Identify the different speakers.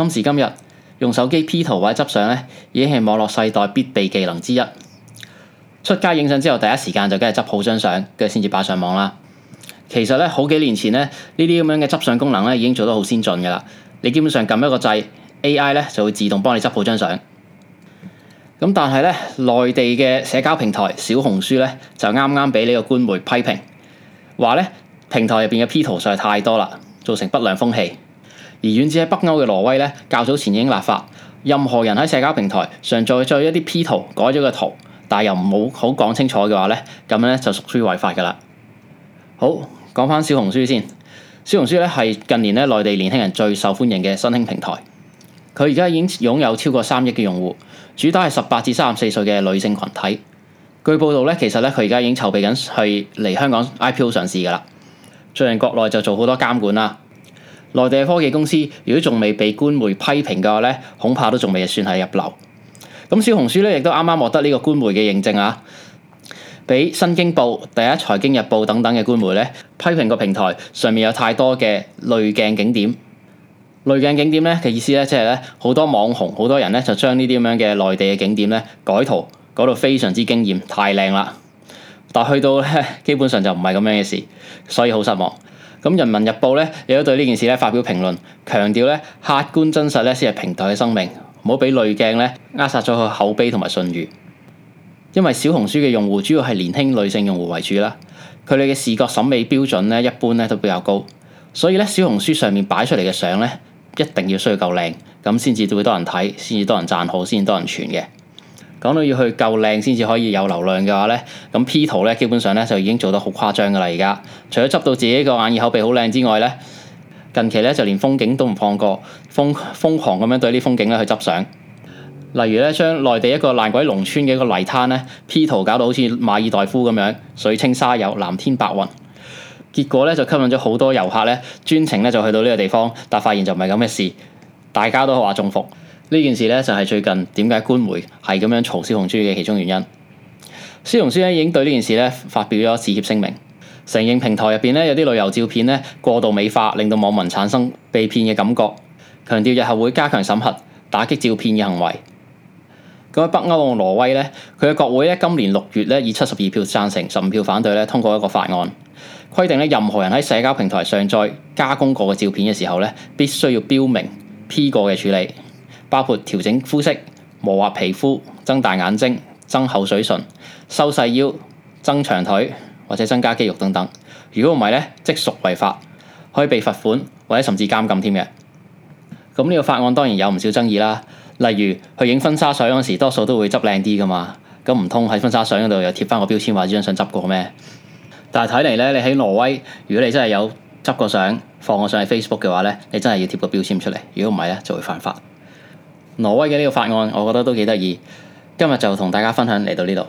Speaker 1: 今時今日，用手機 P 圖或者執相咧，已經係網絡世代必備技能之一。出街影相之後，第一時間就梗係執好張相，跟住先至擺上網啦。其實咧，好幾年前咧，呢啲咁樣嘅執相功能咧，已經做得好先進噶啦。你基本上撳一個掣，AI 咧就會自動幫你執好張相。咁但係咧，內地嘅社交平台小紅書咧，就啱啱俾呢個官媒批評，話咧平台入邊嘅 P 圖實在太多啦，造成不良風氣。而遠至喺北歐嘅挪威咧，較早前已經立法，任何人喺社交平台上載載一啲 P 圖，改咗個圖，但係又唔好講清楚嘅話咧，咁咧就屬於違法噶啦。好，講翻小紅書先，小紅書咧係近年咧內地年輕人最受歡迎嘅新興平台，佢而家已經擁有超過三億嘅用戶，主打係十八至三十四歲嘅女性群體。據報道咧，其實咧佢而家已經籌備緊去嚟香港 IPO 上市噶啦。最近國內就做好多監管啦。內地嘅科技公司如果仲未被官媒批評嘅話咧，恐怕都仲未算係入流。咁小紅書咧，亦都啱啱獲得呢個官媒嘅認證啊！俾《新京報》、《第一財經日報》等等嘅官媒咧批評個平台上面有太多嘅濾鏡景點，濾鏡景點咧嘅意思咧，即係咧好多網紅、好多人咧就將呢啲咁樣嘅內地嘅景點咧改圖改到非常之驚豔，太靚啦！但去到咧基本上就唔係咁樣嘅事，所以好失望。咁《人民日報》咧，亦都對呢件事咧發表評論，強調咧客觀真實咧先係平台嘅生命，唔好俾濾鏡咧扼殺咗佢口碑同埋信譽。因為小紅書嘅用戶主要係年輕女性用戶為主啦，佢哋嘅視覺審美標準咧一般咧都比較高，所以咧小紅書上面擺出嚟嘅相咧一定要需要夠靚，咁先至會多人睇，先至多人讚好，先至多人傳嘅。講到要去夠靚先至可以有流量嘅話呢，咁 P 圖呢，基本上呢就已經做得好誇張噶啦！而家除咗執到自己個眼耳口鼻好靚之外呢，近期呢就連風景都唔放過，瘋瘋狂咁樣對啲風景呢去執相。例如呢，將內地一個爛鬼農村嘅一個泥灘呢 P 圖搞到好似馬爾代夫咁樣，水清沙幼、藍天白雲。結果呢就吸引咗好多遊客呢專程呢就去到呢個地方，但發現就唔係咁嘅事，大家都話中伏。呢件事咧就係最近點解官媒係咁樣嘲笑小紅書嘅其中原因。小紅書咧已經對呢件事咧發表咗致歉聲明，承認平台入邊咧有啲旅遊照片咧過度美化，令到網民產生被騙嘅感覺，強調日後會加強審核，打擊照騙嘅行為。咁北歐嘅挪威咧，佢嘅國會咧今年六月咧以七十二票贊成，十五票反對咧通過一個法案，規定咧任何人喺社交平台上載加工過嘅照片嘅時候咧，必須要標明 P 過嘅處理。包括調整膚色、磨滑皮膚、增大眼睛、增厚水唇、收細腰、增長腿或者增加肌肉等等。如果唔係咧，即屬違法，可以被罰款或者甚至監禁添嘅。咁呢個法案當然有唔少爭議啦。例如去影婚紗相嗰時，多數都會執靚啲噶嘛。咁唔通喺婚紗相嗰度又貼翻個標籤，或者張相執過咩？但係睇嚟咧，你喺挪威，如果你真係有執個相放個上去 Facebook 嘅話咧，你真係要貼個標籤出嚟。如果唔係咧，就會犯法。挪威嘅呢個法案，我覺得都幾得意。今日就同大家分享，嚟到呢度。